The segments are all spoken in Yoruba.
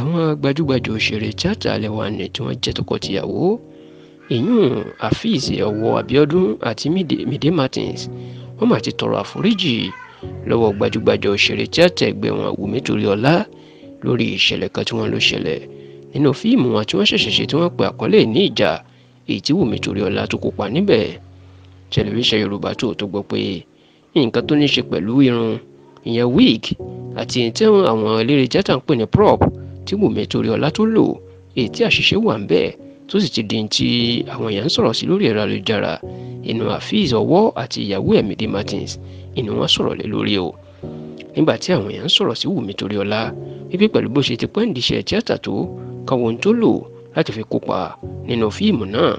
àwọn gbajúgbajà òṣèré tíátà alẹ́ wa ni tí wọ́n jẹ́ tọkọ-tìyàwó ìyún afeez ọwọ́ abiodun àti mide martins wọ́n mà ti tọrọ àforíjì lọ́wọ́ gbajúgbajà òṣèré tíátà ẹgbẹ́ wọn wùmí toríọlá lórí ìṣẹ̀lẹ̀ kan tí wọ́n ló ṣẹlẹ̀ nínú fíìmù wọn tí wọ́n ṣẹ̀ṣẹ̀ ṣe tí wọ́n pe àkọlé ní ìjà èyí tí wùmí toríọlá tó kópa níbẹ̀ tẹlifíṣàn yorùbá tó tó gbọ́ pé nǹkan tó ní ṣe pẹ̀lú irun ìyẹn wig àti ìtẹ́wọ̀n àwọn eléré tíátà ń pè ní prop tí Wùmí Toríọlá tó lò èyí tí àṣìṣe wà ń bẹ́ẹ̀ tó sì ti di ti àwọn èèyàn ń sọ̀rọ̀ sí lórí ẹ̀rọ ayélujára inú Hafiz Ọwọ́ àti ìyàwó ẹ̀ Martins inú wọn sọ̀rọ̀ lé lórí o nígbà tí àwọn èèyàn ń sọ̀rọ̀ sí Wùmí Toríọlá wípé pẹ̀lú bó ṣe ti pẹ́ nídìí iṣẹ́ tíátà tó káwọn ohun tó lò láti fi kópa nínú fíìmù náà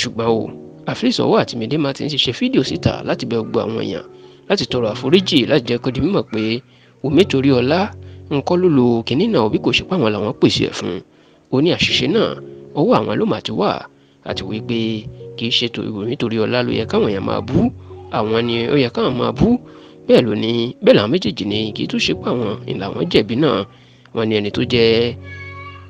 ṣùgbọ́n o Hafiz Ọwọ́ àti Mide Martins ti ṣe fídíò síta láti bẹ gbogbo àwọn èèyàn láti tọrọ àforíjì láti jẹ́ kó di mímọ̀ pé Wùmí Toríọlá nǹkan ló lo kínní náà bí kò ṣe páwọn làwọn pèsè ẹ̀ fún ó ní àṣìṣe náà ọwọ́ àwọn ló mà ti wà àti wípé kì í ṣètò ìròyìn nítorí ọlá ló yẹ káwọn èèyàn máa bú àwọn ni ó yẹ káwọn máa bú bẹ́ẹ̀ ló ní bẹ́ẹ̀ làwọn méjèèjì ni kì í tún ṣe páwọn ìlàwọn jẹ̀bi náà wọn ni ẹni tó jẹ́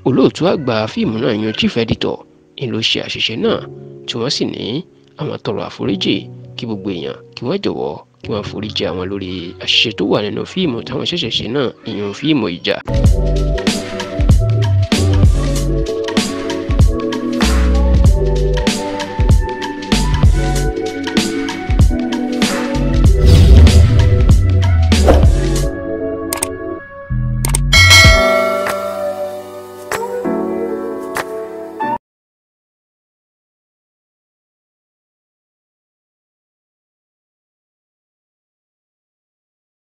olóòtú àgbà fíìmù náà yan chief editor ni ló ṣe àṣìṣe náà tí wọ́n sì ní àwọn tọrọ àforíjì kí gbogbo èèyàn kí wọ́n jọ̀wọ́ kí wọ́n foríjì àwọn lórí àṣìṣe tó wà nínú fíìmù táwọn ṣẹ̀ṣẹ̀ ṣe náà ìyẹn fíìmù ìjà.